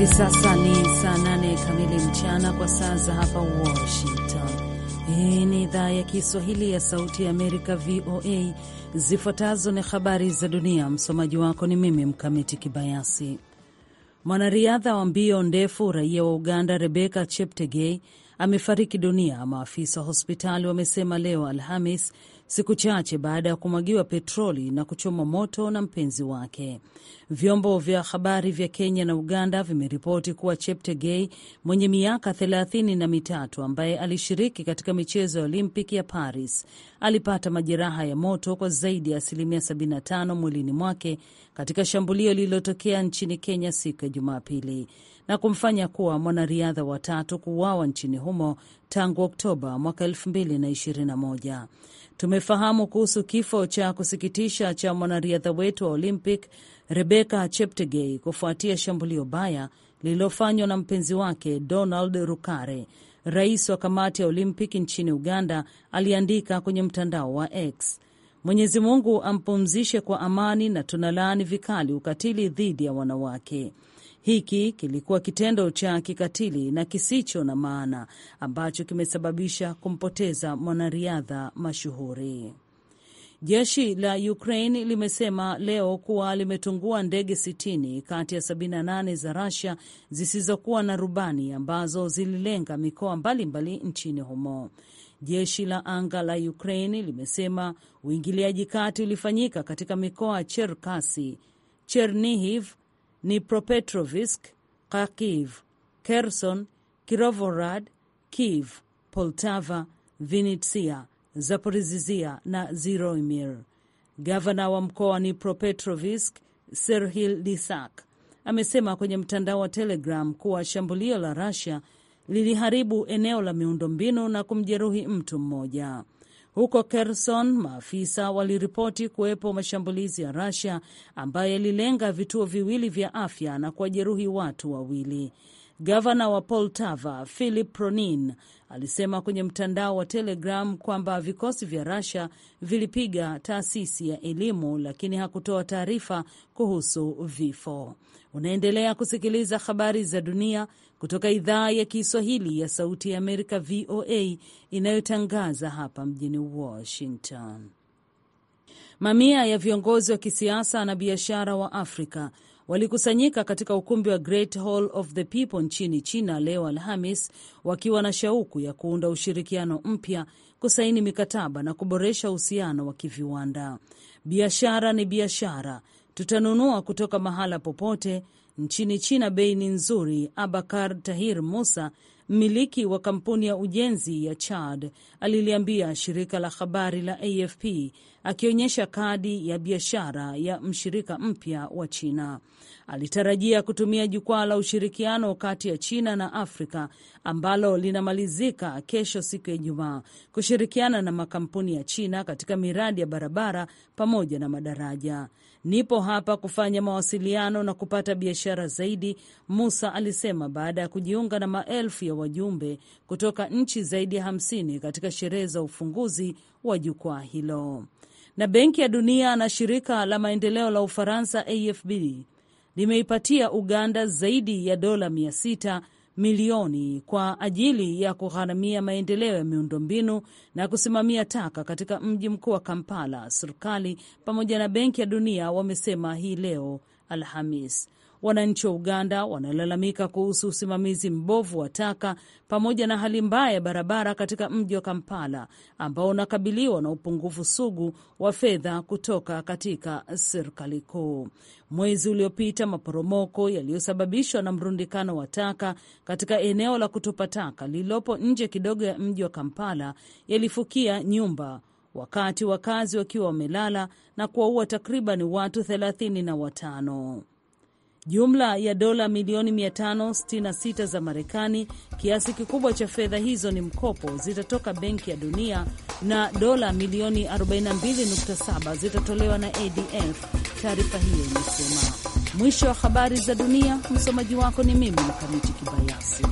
Hivi sasa ni saa nane kamili mchana kwa saa za hapa Washington. Hii ni idhaa ya Kiswahili ya Sauti ya Amerika, VOA. Zifuatazo ni habari za dunia. Msomaji wako ni mimi Mkamiti Kibayasi. Mwanariadha wa mbio ndefu raia wa Uganda Rebeka Cheptegei amefariki dunia, maafisa wa hospitali wamesema leo Alhamis, siku chache baada ya kumwagiwa petroli na kuchoma moto na mpenzi wake. Vyombo vya habari vya Kenya na Uganda vimeripoti kuwa Cheptegei mwenye miaka thelathini na mitatu ambaye alishiriki katika michezo ya Olimpiki ya Paris alipata majeraha ya moto kwa zaidi ya asilimia 75 mwilini mwake katika shambulio lililotokea nchini Kenya siku ya Jumapili na kumfanya kuwa mwanariadha wa tatu kuuawa nchini humo tangu Oktoba mwaka 2021. Tumefahamu kuhusu kifo cha kusikitisha cha mwanariadha wetu wa Olympic rebeca Cheptegei kufuatia shambulio baya lililofanywa na mpenzi wake Donald Rukare. Rais wa kamati ya olympic nchini Uganda aliandika kwenye mtandao wa X, Mwenyezi Mungu ampumzishe kwa amani na tunalaani vikali ukatili dhidi ya wanawake. Hiki kilikuwa kitendo cha kikatili na kisicho na maana ambacho kimesababisha kumpoteza mwanariadha mashuhuri. Jeshi la Ukraine limesema leo kuwa limetungua ndege 60 kati ya 78 za Russia zisizokuwa na rubani ambazo zililenga mikoa mbalimbali nchini humo. Jeshi la anga la Ukraine limesema uingiliaji kati ulifanyika katika mikoa Cherkasi, Chernihiv, ni Propetrovisk, Kharkiv, Kherson, Kirovorad, Kiev, Poltava, Vinitsia, zaporizizia na Zhytomyr. Gavana wa mkoa ni Propetrovisk Serhil Lisak amesema kwenye mtandao wa Telegram kuwa shambulio la Russia liliharibu eneo la miundombinu na kumjeruhi mtu mmoja. Huko Kherson, maafisa waliripoti kuwepo mashambulizi ya Russia ambayo yalilenga vituo viwili vya afya na kuwajeruhi watu wawili. Gavana wa Poltava Philip Pronin alisema kwenye mtandao wa Telegram kwamba vikosi vya Russia vilipiga taasisi ya elimu, lakini hakutoa taarifa kuhusu vifo. Unaendelea kusikiliza habari za dunia kutoka idhaa ya Kiswahili ya Sauti ya Amerika, VOA, inayotangaza hapa mjini Washington. Mamia ya viongozi wa kisiasa na biashara wa Afrika walikusanyika katika ukumbi wa Great Hall of the People nchini China leo Alhamis, wakiwa na shauku ya kuunda ushirikiano mpya, kusaini mikataba na kuboresha uhusiano wa kiviwanda. Biashara ni biashara, tutanunua kutoka mahala popote, Nchini China bei ni nzuri. Abakar Tahir Musa, mmiliki wa kampuni ya ujenzi ya Chad, aliliambia shirika la habari la AFP akionyesha kadi ya biashara ya mshirika mpya wa China. Alitarajia kutumia jukwaa la ushirikiano kati ya China na Afrika ambalo linamalizika kesho siku ya Ijumaa kushirikiana na makampuni ya China katika miradi ya barabara pamoja na madaraja. Nipo hapa kufanya mawasiliano na kupata biashara zaidi, Musa alisema baada ya kujiunga na maelfu ya wajumbe kutoka nchi zaidi ya hamsini katika sherehe za ufunguzi wa jukwaa hilo na Benki ya Dunia na shirika la maendeleo la Ufaransa AFB limeipatia Uganda zaidi ya dola 600 milioni kwa ajili ya kugharamia maendeleo ya miundombinu na kusimamia taka katika mji mkuu wa Kampala. Serikali pamoja na Benki ya Dunia wamesema hii leo Alhamis Wananchi wa Uganda wanalalamika kuhusu usimamizi mbovu wa taka pamoja na hali mbaya ya barabara katika mji wa Kampala ambao unakabiliwa na upungufu sugu wa fedha kutoka katika serikali kuu. Mwezi uliopita, maporomoko yaliyosababishwa na mrundikano wa taka katika eneo la kutupa taka lililopo nje kidogo ya mji wa Kampala yalifukia nyumba wakati wakazi wakiwa wamelala na kuwaua takriban watu thelathini na watano jumla ya dola milioni 566 za Marekani. Kiasi kikubwa cha fedha hizo ni mkopo, zitatoka Benki ya Dunia na dola milioni 42.7 zitatolewa na ADF, taarifa hiyo imesema. Mwisho wa habari za dunia. Msomaji wako ni mimi Mkamiti Kibayasi.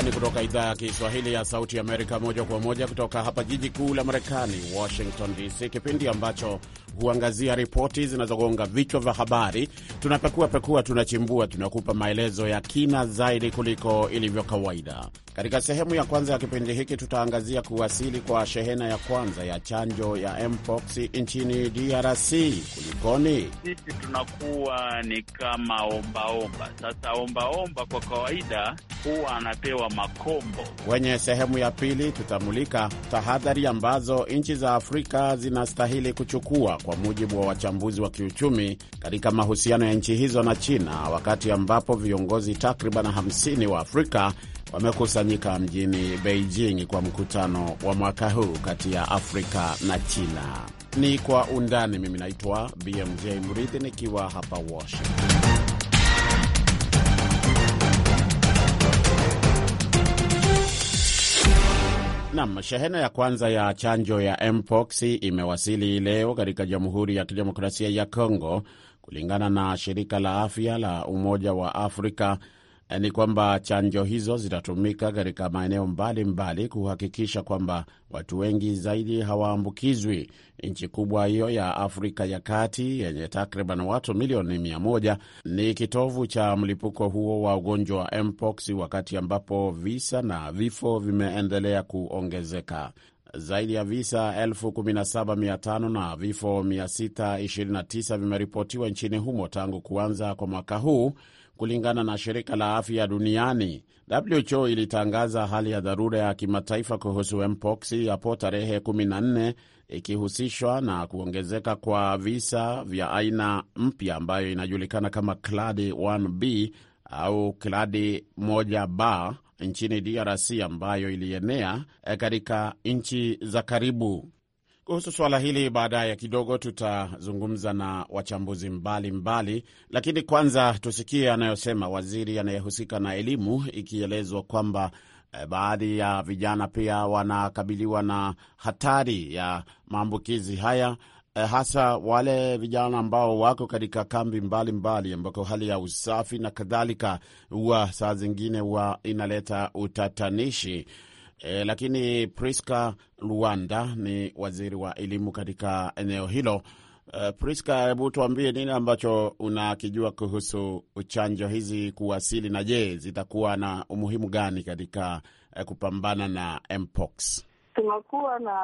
Undani kutoka idhaa ya Kiswahili ya Sauti Amerika, moja kwa moja kutoka hapa jiji kuu la Marekani, Washington DC, kipindi ambacho huangazia ripoti zinazogonga vichwa vya habari. Tunapekua pekua, tunachimbua, tunakupa maelezo ya kina zaidi kuliko ilivyo kawaida. Katika sehemu ya kwanza ya kipindi hiki, tutaangazia kuwasili kwa shehena ya kwanza ya chanjo ya mpox nchini DRC. Kulikoni? Sisi tunakuwa ni kama ombaomba. Sasa ombaomba kwa kawaida huwa anapewa makombo. Kwenye sehemu ya pili, tutamulika tahadhari ambazo nchi za Afrika zinastahili kuchukua kwa mujibu wa wachambuzi wa kiuchumi, katika mahusiano ya nchi hizo na China, wakati ambapo viongozi takriban 50 wa Afrika wamekusanyika mjini Beijing kwa mkutano wa mwaka huu kati ya Afrika na China. Ni kwa undani. Mimi naitwa BMJ Mridhi nikiwa hapa Washington. Nam, shehena ya kwanza ya chanjo ya mpox imewasili leo katika Jamhuri ya Kidemokrasia ya congo kulingana na shirika la afya la Umoja wa Afrika Eh, ni kwamba chanjo hizo zitatumika katika maeneo mbalimbali kuhakikisha kwamba watu wengi zaidi hawaambukizwi. Nchi kubwa hiyo ya Afrika ya Kati yenye takriban watu milioni mia moja ni kitovu cha mlipuko huo wa ugonjwa wa mpox, wakati ambapo visa na vifo vimeendelea kuongezeka zaidi ya visa 175 na vifo 629 vimeripotiwa nchini humo tangu kuanza kwa mwaka huu kulingana na shirika la afya duniani. WHO ilitangaza hali ya dharura ya kimataifa kuhusu mpox hapo tarehe 14 ikihusishwa na kuongezeka kwa visa vya aina mpya ambayo inajulikana kama cladi 1b au cladi 1b nchini DRC ambayo ilienea eh, katika nchi za karibu. Kuhusu swala hili baadaye kidogo tutazungumza na wachambuzi mbalimbali mbali, lakini kwanza tusikie anayosema waziri anayehusika na elimu, ikielezwa kwamba eh, baadhi ya vijana pia wanakabiliwa na hatari ya maambukizi haya eh, hasa wale vijana ambao wako katika kambi mbalimbali ambako hali ya usafi na kadhalika huwa saa zingine huwa inaleta utatanishi E, lakini Priska Luanda ni waziri wa elimu katika eneo hilo. E, Priska, hebu tuambie nini ambacho unakijua kuhusu chanjo hizi kuwasili, na je, zitakuwa na umuhimu gani katika e, kupambana na mpox? Tumekuwa na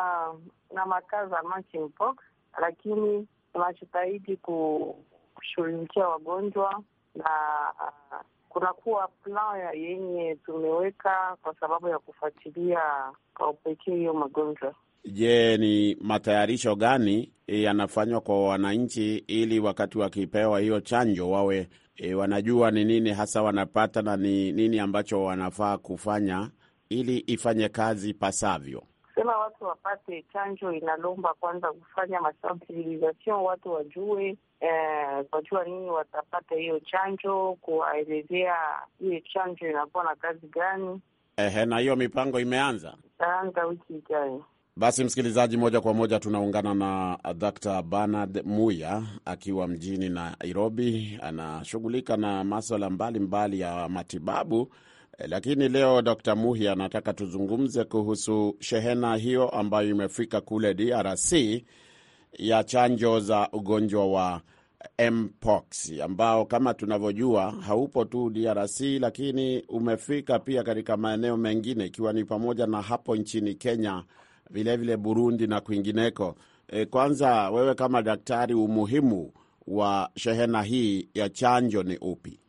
na makaza ya mpox, lakini tunajitahidi kushughulikia wagonjwa na kunakuwa playa yenye tumeweka kwa sababu ya kufuatilia kwa upekee hiyo magonjwa. Je, ni matayarisho gani eh, yanafanywa kwa wananchi ili wakati wakipewa hiyo chanjo wawe e, wanajua ni nini hasa wanapata na ni nini ambacho wanafaa kufanya ili ifanye kazi pasavyo? watu wapate chanjo inalomba kwanza kufanya masensibilization, watu wajue eh, wajua nini watapata hiyo chanjo, kuwaelezea hiyo chanjo inakuwa na kazi gani. Ehe, na hiyo mipango imeanza, itaanza wiki ijayo. Basi msikilizaji, moja kwa moja tunaungana na Dr. Bernard Muya akiwa mjini Nairobi, anashughulika na maswala mbalimbali ya matibabu Eh, lakini leo Dr. Muhi anataka tuzungumze kuhusu shehena hiyo ambayo imefika kule DRC ya chanjo za ugonjwa wa eh, mpox ambao kama tunavyojua haupo tu DRC lakini umefika pia katika maeneo mengine ikiwa ni pamoja na hapo nchini Kenya, vilevile vile Burundi na kwingineko. E, kwanza wewe kama daktari, umuhimu wa shehena hii ya chanjo ni upi?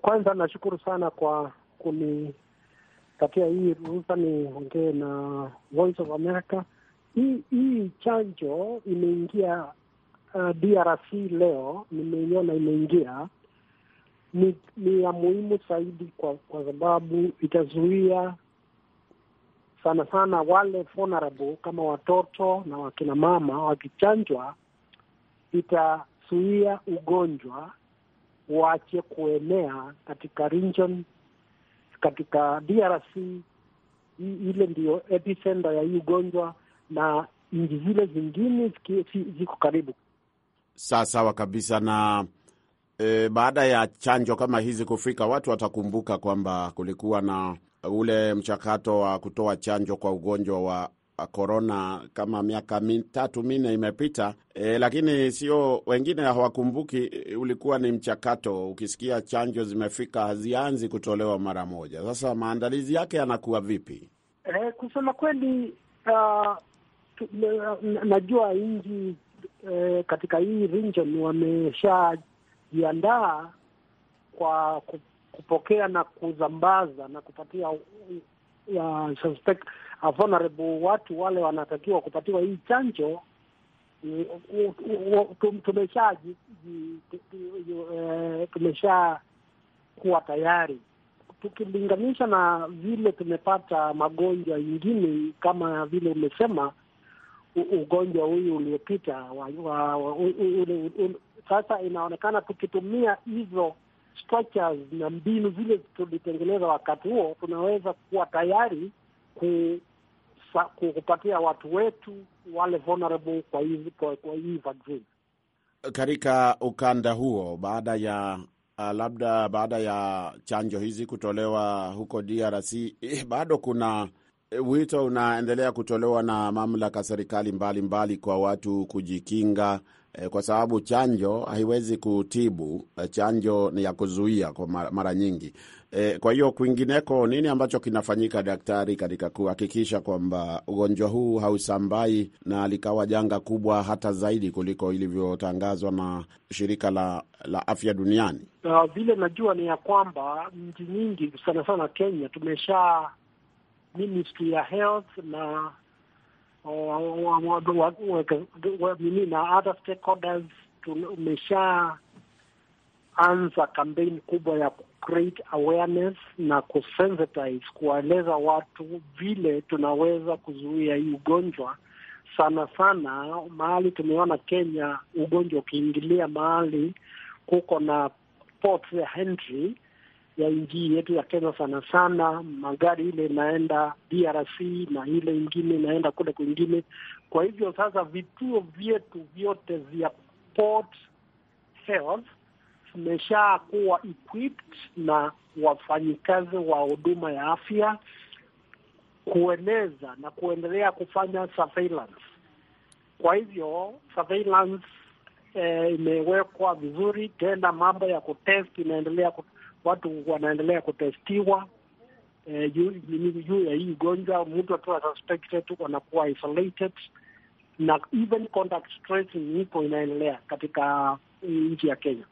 Kwanza nashukuru sana kwa kunipatia hii ruhusa ongee na Voice of America. Hii, hii chanjo imeingia uh, DRC leo nimeiona imeingia ni, ni ya muhimu zaidi kwa, kwa sababu itazuia sana sana wale vulnerable kama watoto na wakina mama wakichanjwa, itazuia ugonjwa uache kuenea katika region katika DRC ile ndio epicenter ya hii ugonjwa na nchi zile zingine ziko karibu. Sawa sawa kabisa na e, baada ya chanjo kama hizi kufika, watu watakumbuka kwamba kulikuwa na ule mchakato wa kutoa chanjo kwa ugonjwa wa korona uh, kama miaka mitatu minne imepita e, lakini sio wengine hawakumbuki e, ulikuwa ni mchakato. Ukisikia chanjo zimefika hazianzi kutolewa mara moja. Sasa maandalizi yake yanakuwa vipi? E, kusema kweli uh, najua nji e, katika hii region wameshajiandaa kwa kupokea na kusambaza na kupatia uh, suspect vulnerable watu wale wanatakiwa kupatiwa hii chanjo. Tumesha tumesha kuwa tayari tukilinganisha na vile tumepata magonjwa ingine kama vile umesema ugonjwa huyu uliopita sasa inaonekana tukitumia hizo structures na mbinu zile tulitengeneza wakati huo, tunaweza kuwa tayari kupatia watu wetu wale vulnerable kwa hii kwa, kwa hii vaccine katika ukanda huo baada ya uh, labda baada ya chanjo hizi kutolewa huko DRC eh, bado kuna eh, wito unaendelea kutolewa na mamlaka serikali mbalimbali kwa watu kujikinga Eh, kwa sababu chanjo haiwezi kutibu. Eh, chanjo ni ya kuzuia kwa mara nyingi. Eh, kwa hiyo kwingineko, nini ambacho kinafanyika daktari, katika kuhakikisha kwamba ugonjwa huu hausambai na likawa janga kubwa hata zaidi kuliko ilivyotangazwa na shirika la, la afya duniani? Vile najua ni ya kwamba nchi nyingi sana sana Kenya tumesha Ministry ya Health na na other stakeholders, anza kampeni kubwa ya create awareness na kusensitize, kuwaeleza watu vile tunaweza kuzuia hii ugonjwa. Sana sana mahali tumeona Kenya ugonjwa ukiingilia mahali kuko na ports ya henry ya nji yetu ya Kenya sana sana, magari ile inaenda DRC na ile ingine inaenda kule kwingine. Kwa hivyo sasa vituo vyetu vyote vya port health vimesha kuwa equipped na wafanyikazi wa huduma ya afya kueneza na kuendelea kufanya surveillance. Kwa hivyo surveillance eh, imewekwa vizuri, tena mambo ya kutest inaendelea ku watu wanaendelea kutestiwa juu eh, juu ya hii ugonjwa. Mtu akiwa suspected wanakuwa isolated na even contact tracing ipo inaendelea katika eh, nchi ya Kenya.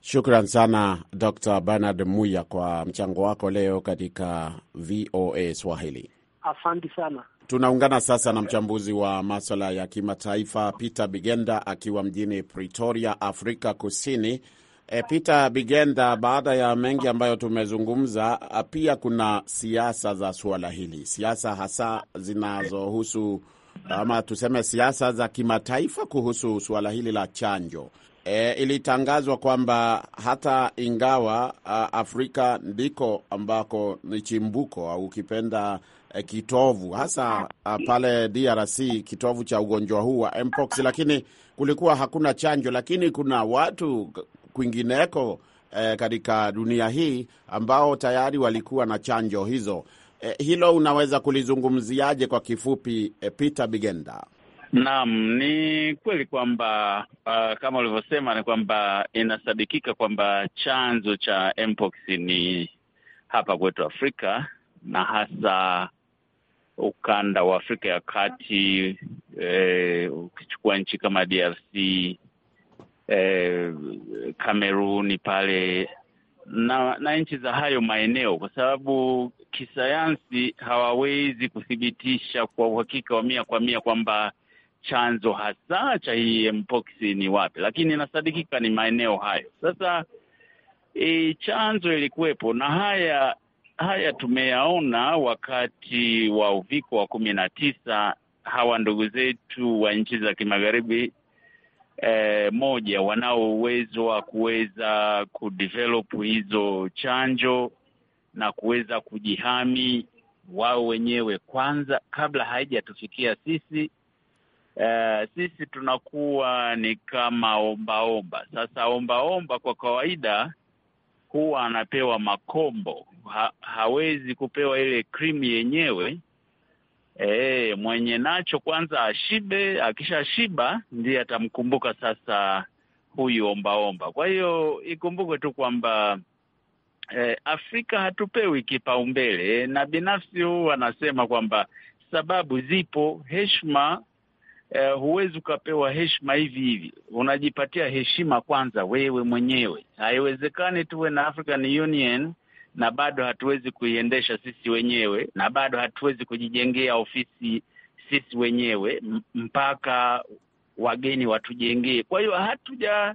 Shukran sana Dr. Bernard Muya kwa mchango wako leo katika VOA Swahili. Asante sana. Tunaungana sasa na mchambuzi wa maswala ya kimataifa Peter Bigenda akiwa mjini Pretoria, Afrika Kusini. E, Peter Bigenda, baada ya mengi ambayo tumezungumza, ah, pia kuna siasa za suala hili, siasa hasa zinazohusu ama tuseme siasa za kimataifa kuhusu suala hili la chanjo. E, ilitangazwa kwamba hata ingawa ah, Afrika ndiko ambako ni chimbuko au ukipenda eh, kitovu hasa ah, pale DRC kitovu cha ugonjwa huu wa mpox, lakini kulikuwa hakuna chanjo, lakini kuna watu kwingineko eh, katika dunia hii ambao tayari walikuwa na chanjo hizo. Eh, hilo unaweza kulizungumziaje kwa kifupi eh, Peter Bigenda? Naam, ni kweli kwamba uh, kama ulivyosema ni kwamba inasadikika kwamba chanzo cha mpox ni hapa kwetu Afrika na hasa ukanda wa Afrika ya Kati. Eh, ukichukua nchi kama DRC eh, pale na, na nchi za hayo maeneo, kwa sababu kisayansi hawawezi kuthibitisha kwa uhakika wa mia kwa mia kwamba chanzo hasa cha hii mpox ni wapi, lakini inasadikika ni maeneo hayo. Sasa e, chanzo ilikuwepo na haya haya tumeyaona wakati wa uviko wa kumi na tisa. Hawa ndugu zetu wa nchi za kimagharibi eh, moja, wanao uwezo wa kuweza kudevelop hizo chanjo na kuweza kujihami wao wenyewe kwanza kabla haijatufikia sisi. Uh, sisi tunakuwa ni kama ombaomba. Sasa ombaomba kwa kawaida huwa anapewa makombo ha, hawezi kupewa ile krimu yenyewe, E, mwenye nacho kwanza ashibe. Akishashiba ndiye atamkumbuka sasa huyu ombaomba. Kwa hiyo ikumbukwe tu kwamba e, Afrika hatupewi kipaumbele, na binafsi huu anasema kwamba sababu zipo. Heshima e, huwezi ukapewa heshima hivi hivi, unajipatia heshima kwanza wewe mwenyewe. Haiwezekani tuwe na African Union na bado hatuwezi kuiendesha sisi wenyewe, na bado hatuwezi kujijengea ofisi sisi wenyewe, mpaka wageni watujengee. Kwa hiyo hatuja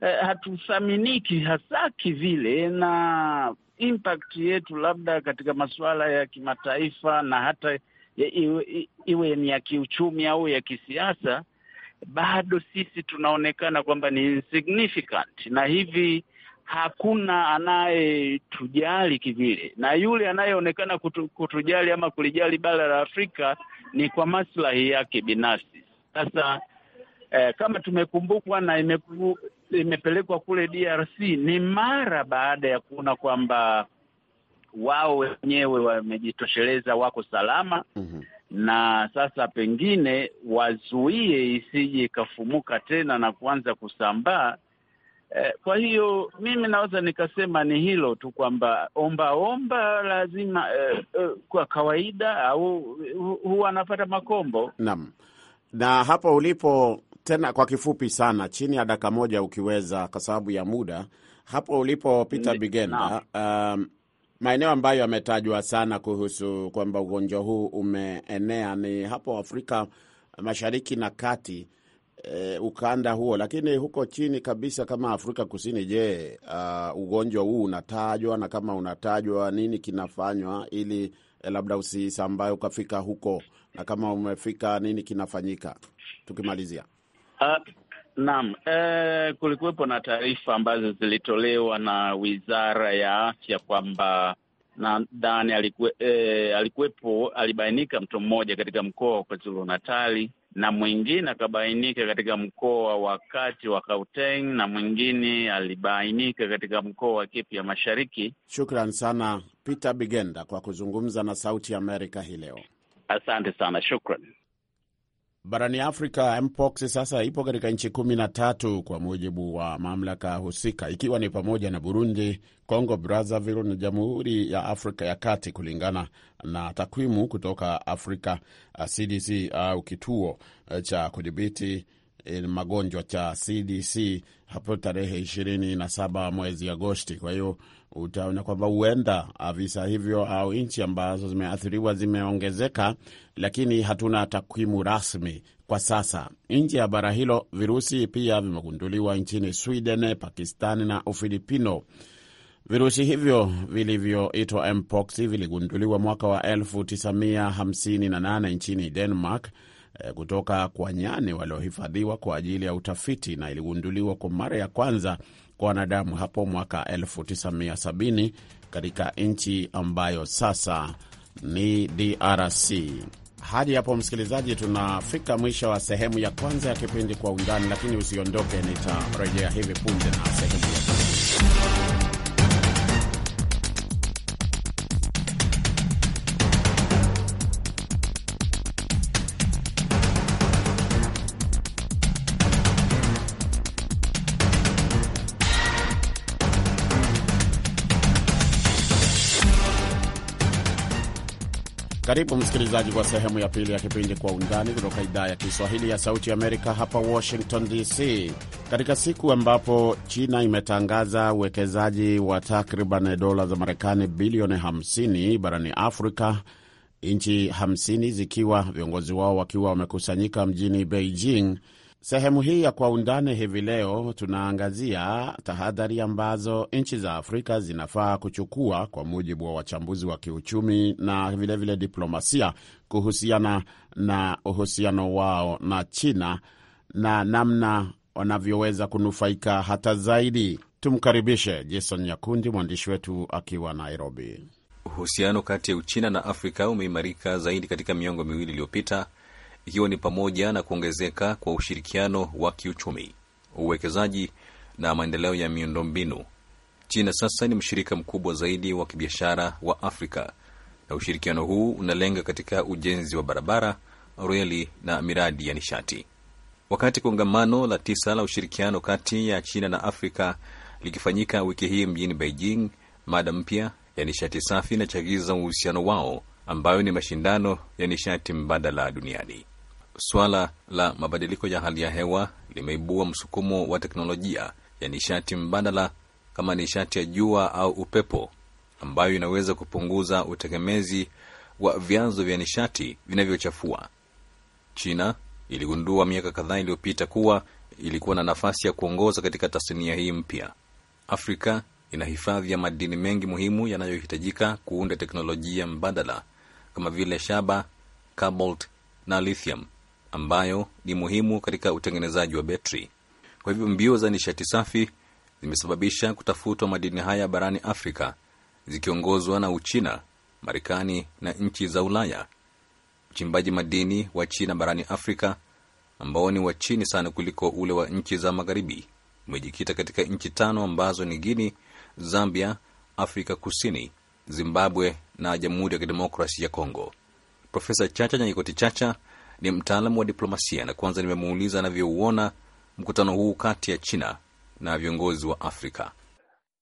eh, hatuthaminiki hasa kivile, na impact yetu labda katika masuala ya kimataifa na hata iwe, iwe ni ya kiuchumi au ya kisiasa, bado sisi tunaonekana kwamba ni insignificant, na hivi hakuna anayetujali kivile, na yule anayeonekana kutu, kutujali ama kulijali bara la Afrika ni kwa maslahi yake binafsi. Sasa eh, kama tumekumbukwa na imepelekwa kule DRC ni mara baada ya kuona kwamba wao wenyewe wamejitosheleza, wako salama mm -hmm. Na sasa pengine wazuie isije ikafumuka tena na kuanza kusambaa Eh, kwa hiyo mimi naweza nikasema ni hilo tu kwamba ombaomba lazima eh, eh, kwa kawaida au huwa anapata makombo. Naam, na hapo ulipo tena, kwa kifupi sana, chini ya dakika moja ukiweza, kwa sababu ya muda. Hapo ulipo Peter Bigenda, um, maeneo ambayo yametajwa sana kuhusu kwamba ugonjwa huu umeenea ni hapo Afrika Mashariki na Kati eh, ukanda huo. Lakini huko chini kabisa kama Afrika Kusini, je, uh, ugonjwa huu unatajwa? Na kama unatajwa, nini kinafanywa ili eh, labda usisambae ukafika huko? Na kama umefika, nini kinafanyika? Tukimalizia uh, naam, eh, kulikuwepo na taarifa ambazo zilitolewa na Wizara ya Afya kwamba nadhani alikuwe, eh, alikuwepo alibainika mtu mmoja katika mkoa wa KwaZulu Natali na mwingine akabainika katika mkoa wa kati wa Kauteng na mwingine alibainika katika mkoa wa ya Mashariki. Shukran sana Peter Bigenda kwa kuzungumza na Sauti ya Amerika hii leo. Asante sana, shukran. Barani Afrika, mpox sasa ipo katika nchi kumi na tatu kwa mujibu wa mamlaka husika, ikiwa ni pamoja na Burundi, Congo Brazzaville na Jamhuri ya Afrika ya Kati, kulingana na takwimu kutoka Afrika CDC uh, uh, au kituo uh, cha kudhibiti Eh, magonjwa cha CDC hapo tarehe ishirini na saba mwezi Agosti. Kwa hiyo utaona kwamba huenda ah, visa hivyo au nchi ambazo zimeathiriwa zimeongezeka, lakini hatuna takwimu rasmi kwa sasa. Nje ya bara hilo, virusi pia vimegunduliwa nchini Sweden, Pakistani na Ufilipino. Virusi hivyo vilivyoitwa mpox viligunduliwa mwaka wa 1958 nchini Denmark Eh, kutoka kwa nyani waliohifadhiwa kwa ajili ya utafiti na iligunduliwa kwa mara ya kwanza kwa wanadamu hapo mwaka 1970 katika nchi ambayo sasa ni DRC. Hadi hapo msikilizaji, tunafika mwisho wa sehemu ya kwanza ya kipindi Kwa Undani, lakini usiondoke, nitarejea hivi punde na sehemu Karibu msikilizaji kwa sehemu ya pili ya kipindi Kwa Undani kutoka idhaa ya Kiswahili ya Sauti ya Amerika hapa Washington DC. Katika siku ambapo China imetangaza uwekezaji wa takriban dola za Marekani bilioni 50 barani Afrika, nchi 50 zikiwa viongozi wao wakiwa wamekusanyika mjini Beijing Sehemu hii ya Kwa Undani hivi leo tunaangazia tahadhari ambazo nchi za Afrika zinafaa kuchukua kwa mujibu wa wachambuzi wa kiuchumi na vilevile vile diplomasia kuhusiana na uhusiano wao na China na namna wanavyoweza kunufaika hata zaidi. Tumkaribishe Jason Nyakundi, mwandishi wetu akiwa Nairobi. Uhusiano kati ya Uchina na Afrika umeimarika zaidi katika miongo miwili iliyopita hiyo ni pamoja na kuongezeka kwa ushirikiano wa kiuchumi, uwekezaji na maendeleo ya miundombinu. China sasa ni mshirika mkubwa zaidi wa kibiashara wa Afrika, na ushirikiano huu unalenga katika ujenzi wa barabara, reli na miradi ya nishati. Wakati kongamano la tisa la ushirikiano kati ya China na Afrika likifanyika wiki hii mjini Beijing, mada mpya ya nishati safi inachagiza uhusiano wao, ambayo ni mashindano ya nishati mbadala duniani. Suala la mabadiliko ya hali ya hewa limeibua msukumo wa teknolojia ya nishati mbadala kama nishati ya jua au upepo, ambayo inaweza kupunguza utegemezi wa vyanzo vya nishati vinavyochafua. China iligundua miaka kadhaa iliyopita kuwa ilikuwa na nafasi ya kuongoza katika tasnia hii mpya. Afrika ina hifadhi ya madini mengi muhimu yanayohitajika kuunda teknolojia mbadala kama vile shaba, cobalt na lithium ambayo ni muhimu katika utengenezaji wa betri. Kwa hivyo mbio za nishati safi zimesababisha kutafutwa madini haya barani Afrika zikiongozwa na Uchina, Marekani na nchi za Ulaya. Uchimbaji madini wa China barani Afrika ambao ni wa chini sana kuliko ule wa nchi za magharibi umejikita katika nchi tano ambazo ni Guini, Zambia, Afrika Kusini, Zimbabwe na Jamhuri ya Kidemokrasi ya Kongo. Profesa Chacha Nyakoti Chacha ni mtaalamu wa diplomasia, na kwanza nimemuuliza anavyouona mkutano huu kati ya China na viongozi wa Afrika.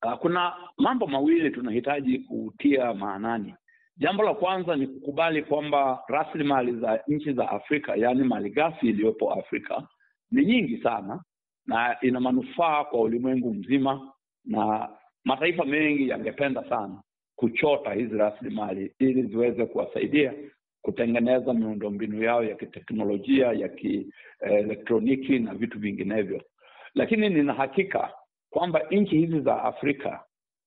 Ah, kuna mambo mawili tunahitaji kutia maanani. Jambo la kwanza ni kukubali kwamba rasilimali za nchi za Afrika, yaani malighafi iliyopo Afrika ni nyingi sana, na ina manufaa kwa ulimwengu mzima, na mataifa mengi yangependa sana kuchota hizi rasilimali ili ziweze kuwasaidia kutengeneza miundombinu yao ya kiteknolojia ya kielektroniki na vitu vinginevyo. Lakini nina hakika kwamba nchi hizi za Afrika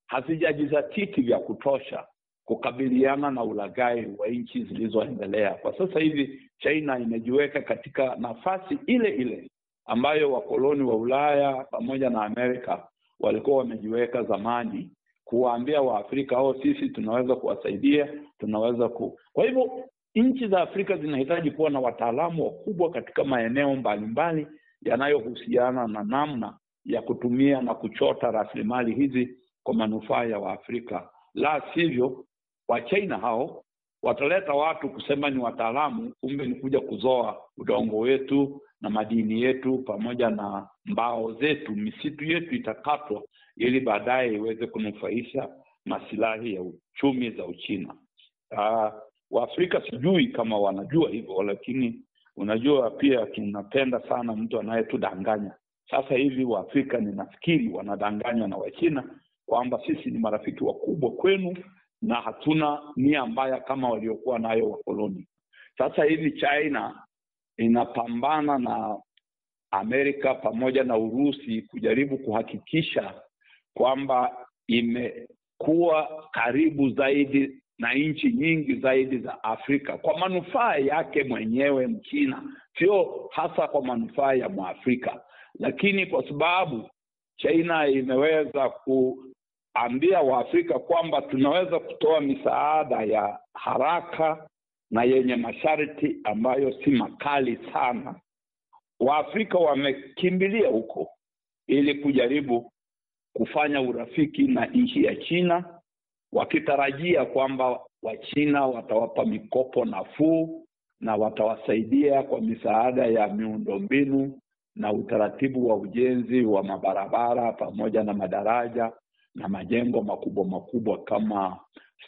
hazijajizatiti vya kutosha kukabiliana na ulaghai wa nchi zilizoendelea. Kwa sasa hivi China imejiweka katika nafasi ile ile ambayo wakoloni wa Ulaya pamoja na Amerika walikuwa wamejiweka zamani, kuwaambia Waafrika oh, sisi tunaweza kuwasaidia, tunaweza ku. Kwa hivyo Nchi za Afrika zinahitaji kuwa na wataalamu wakubwa katika maeneo mbalimbali yanayohusiana na namna ya kutumia na kuchota rasilimali hizi kwa manufaa ya Waafrika. La sivyo, Wachina hao wataleta watu kusema ni wataalamu, kumbe ni kuja kuzoa udongo wetu na madini yetu pamoja na mbao zetu. Misitu yetu itakatwa ili baadaye iweze kunufaisha masilahi ya uchumi za Uchina. Ah, Waafrika sijui kama wanajua hivyo, lakini unajua pia tunapenda sana mtu anayetudanganya. Sasa hivi Waafrika ninafikiri wanadanganywa na Wachina kwamba sisi ni marafiki wakubwa kwenu na hatuna nia mbaya kama waliokuwa nayo wakoloni. Sasa hivi China inapambana na Amerika pamoja na Urusi kujaribu kuhakikisha kwamba imekuwa karibu zaidi na nchi nyingi zaidi za Afrika kwa manufaa yake mwenyewe Mchina, sio hasa kwa manufaa ya Mwafrika, lakini kwa sababu China imeweza kuambia Waafrika kwamba tunaweza kutoa misaada ya haraka na yenye masharti ambayo si makali sana. Waafrika wamekimbilia huko ili kujaribu kufanya urafiki na nchi ya China wakitarajia kwamba Wachina watawapa mikopo nafuu na watawasaidia kwa misaada ya miundombinu na utaratibu wa ujenzi wa mabarabara pamoja na madaraja na majengo makubwa makubwa kama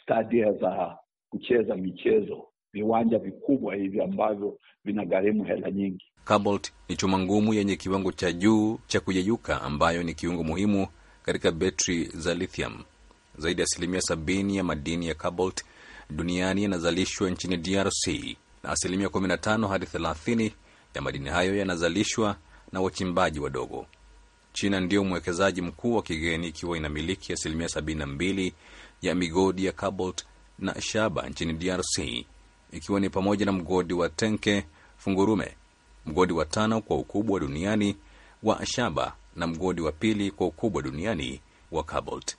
stadia za kucheza michezo, viwanja vikubwa hivi ambavyo vinagharimu hela nyingi. Cobalt ni chuma ngumu yenye kiwango cha juu cha kuyeyuka ambayo ni kiungo muhimu katika betri za lithium. Zaidi ya asilimia sabini ya madini ya cobalt duniani yanazalishwa nchini DRC na asilimia 15 hadi 30 ya madini hayo yanazalishwa na wachimbaji wadogo. China ndiyo mwekezaji mkuu wa kigeni ikiwa inamiliki asilimia 72 ya migodi ya cobalt na shaba nchini DRC, ikiwa ni pamoja na mgodi wa Tenke Fungurume, mgodi wa tano kwa ukubwa duniani wa shaba na mgodi wa pili kwa ukubwa duniani wa cobalt.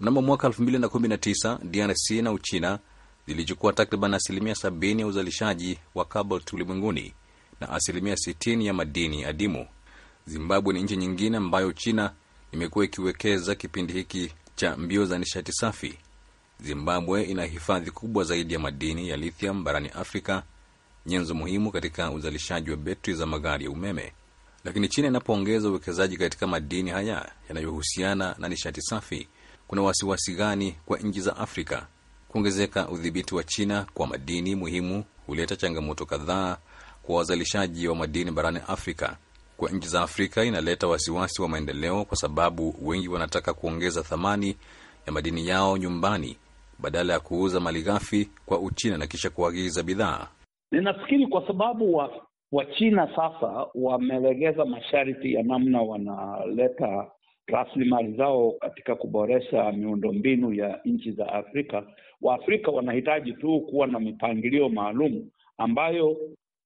Mnamo mwaka 2019 DRC na Uchina zilichukua takriban asilimia 70 ya uzalishaji wa cobalt ulimwenguni na asilimia 60 ya madini adimu. Zimbabwe ni nchi nyingine ambayo China imekuwa ikiwekeza kipindi hiki cha mbio za nishati safi. Zimbabwe ina hifadhi kubwa zaidi ya madini ya lithium barani Afrika, nyenzo muhimu katika uzalishaji wa betri za magari ya umeme. Lakini China inapoongeza uwekezaji katika madini haya yanayohusiana na nishati safi, kuna wasiwasi gani kwa nchi za Afrika? Kuongezeka udhibiti wa China kwa madini muhimu huleta changamoto kadhaa kwa wazalishaji wa madini barani Afrika. Kwa nchi za Afrika inaleta wasiwasi wa maendeleo, kwa sababu wengi wanataka kuongeza thamani ya madini yao nyumbani badala ya kuuza malighafi kwa Uchina na kisha kuagiza bidhaa. Ninafikiri kwa sababu wa Wachina sasa wamelegeza masharti ya namna wanaleta rasilimali zao katika kuboresha miundombinu ya nchi za Afrika. Waafrika wanahitaji tu kuwa na mipangilio maalum ambayo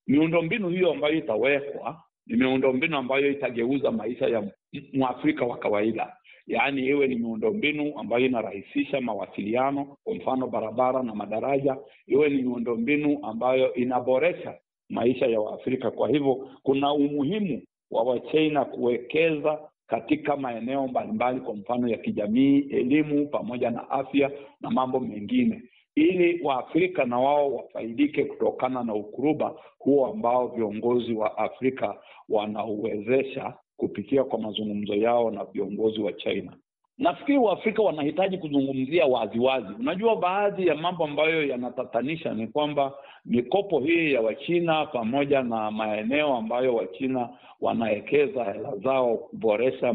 miundombinu hiyo ambayo itawekwa ni miundombinu ambayo itageuza maisha ya Mwafrika wa kawaida, yaani iwe ni miundombinu ambayo inarahisisha mawasiliano, kwa mfano barabara na madaraja, iwe ni miundombinu ambayo inaboresha maisha ya Waafrika. Kwa hivyo kuna umuhimu wa Wachina kuwekeza katika maeneo mbalimbali, kwa mfano ya kijamii, elimu pamoja na afya na mambo mengine, ili Waafrika na wao wafaidike kutokana na ukuruba huo ambao viongozi wa Afrika wanauwezesha kupitia kwa mazungumzo yao na viongozi wa China. Nafikiri Waafrika wanahitaji kuzungumzia waziwazi wazi. Unajua, baadhi ya mambo ambayo yanatatanisha ni kwamba mikopo hii ya Wachina pamoja na maeneo ambayo Wachina wanawekeza hela zao kuboresha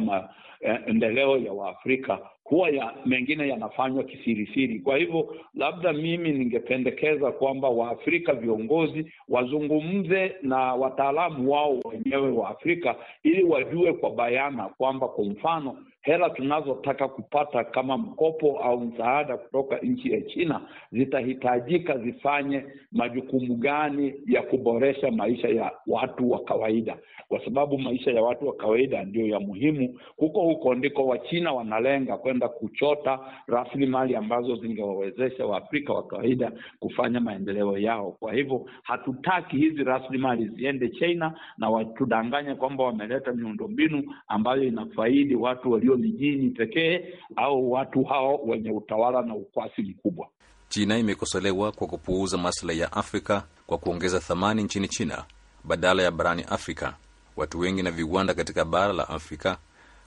maendeleo eh, ya Waafrika huwa ya mengine yanafanywa kisirisiri. Kwa hivyo, labda mimi ningependekeza kwamba Waafrika viongozi wazungumze na wataalamu wao wenyewe wa Afrika ili wajue kwa bayana kwamba kwa mfano hela tunazotaka kupata kama mkopo au msaada kutoka nchi ya China zitahitajika zifanye majukumu gani ya kuboresha maisha ya watu wa kawaida, kwa sababu maisha ya watu wa kawaida ndiyo ya muhimu. Huko huko ndiko Wachina wanalenga kwenda kuchota rasilimali ambazo zingewawezesha Waafrika wa kawaida kufanya maendeleo yao. Kwa hivyo hatutaki hizi rasilimali ziende China na watudanganye kwamba wameleta miundombinu ambayo inafaidi watu walio mijini pekee au watu hao wenye utawala na ukwasi mkubwa. China imekosolewa kwa kupuuza maslahi ya Afrika kwa kuongeza thamani nchini China badala ya barani Afrika. Watu wengi na viwanda katika bara la Afrika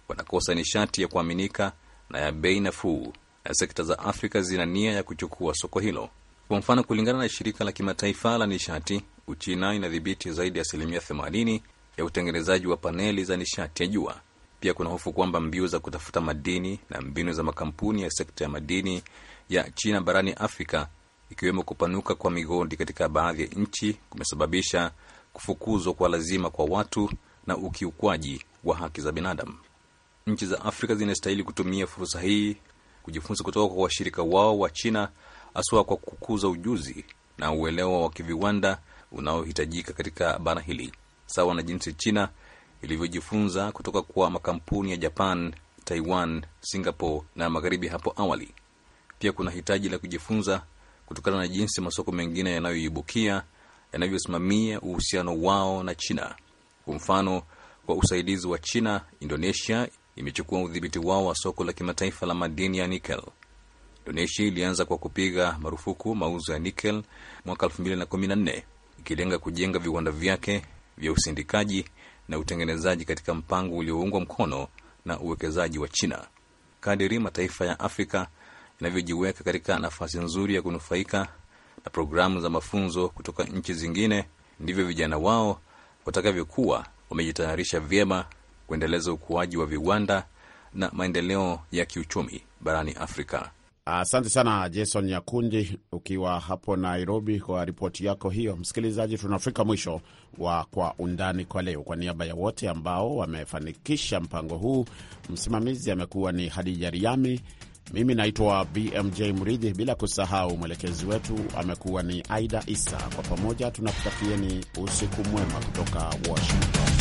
wanakosa nishati ya kuaminika na ya bei nafuu na sekta za Afrika zina nia ya kuchukua soko hilo. Kwa mfano, kulingana na shirika la kimataifa la nishati, Uchina inadhibiti zaidi ya asilimia 80 ya utengenezaji wa paneli za nishati ya jua. Pia kuna hofu kwamba mbiu za kutafuta madini na mbinu za makampuni ya sekta ya madini ya China barani Afrika, ikiwemo kupanuka kwa migodi katika baadhi ya nchi, kumesababisha kufukuzwa kwa lazima kwa watu na ukiukwaji wa haki za binadamu nchi za Afrika zinastahili kutumia fursa hii kujifunza kutoka kwa washirika wao wa China, haswa kwa kukuza ujuzi na uelewa wa kiviwanda unaohitajika katika bara hili, sawa na jinsi China ilivyojifunza kutoka kwa makampuni ya Japan, Taiwan, Singapore na magharibi hapo awali. Pia kuna hitaji la kujifunza kutokana na jinsi masoko mengine yanayoibukia yanavyosimamia uhusiano wao na China. Kwa mfano, kwa usaidizi wa China, Indonesia imechukua udhibiti wao wa soko la kimataifa la madini ya nikel. Indonesia ilianza kwa kupiga marufuku mauzo ya nikel mwaka 214 ikilenga kujenga viwanda vyake vya usindikaji na utengenezaji katika mpango ulioungwa mkono na uwekezaji wa China. Kadiri mataifa ya Afrika yanavyojiweka katika nafasi nzuri ya kunufaika na programu za mafunzo kutoka nchi zingine, ndivyo vijana wao watakavyokuwa wamejitayarisha vyema kuendeleza ukuaji wa viwanda na maendeleo ya kiuchumi barani Afrika. Asante sana Jason Nyakundi, ukiwa hapo Nairobi kwa ripoti yako hiyo. Msikilizaji, tunafika mwisho wa Kwa Undani kwa leo. Kwa niaba ya wote ambao wamefanikisha mpango huu, msimamizi amekuwa ni Hadija Riami, mimi naitwa BMJ Mridhi, bila kusahau mwelekezi wetu amekuwa ni Aida Isa. Kwa pamoja tunakutakieni usiku mwema kutoka Washington.